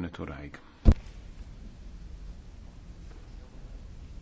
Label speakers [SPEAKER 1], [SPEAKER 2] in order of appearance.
[SPEAKER 1] 15 óráig.